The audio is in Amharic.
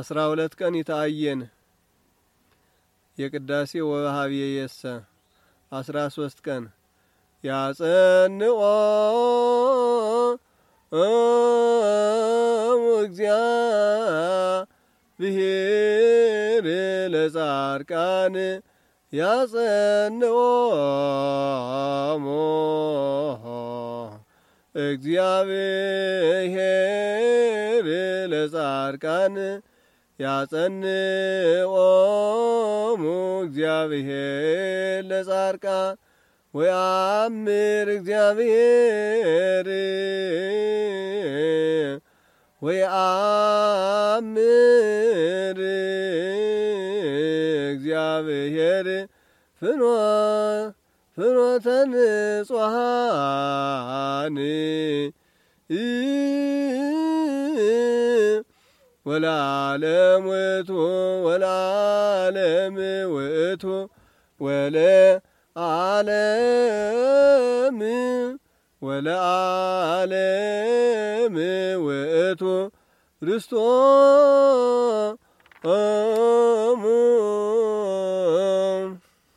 አስራ ሁለት ቀን ይታየን የቅዳሴ ወሀብ የየሰ አስራ ሶስት ቀን ያጸንቆ እግዚአብሔር ለጻድቃን ያጸንቆሙ እግዚአብሔር ለጻድቃን ያጸንኦሙ እግዚአብሔር ለጻድቃን ወይአምር እግዚአብሔር ወይአምር እግዚአብሔር ፍኖ ፍኖተን ጽሃን ولعالم ويتو ولعالم ويتو ولا عالم ولا عالم ويتو رستون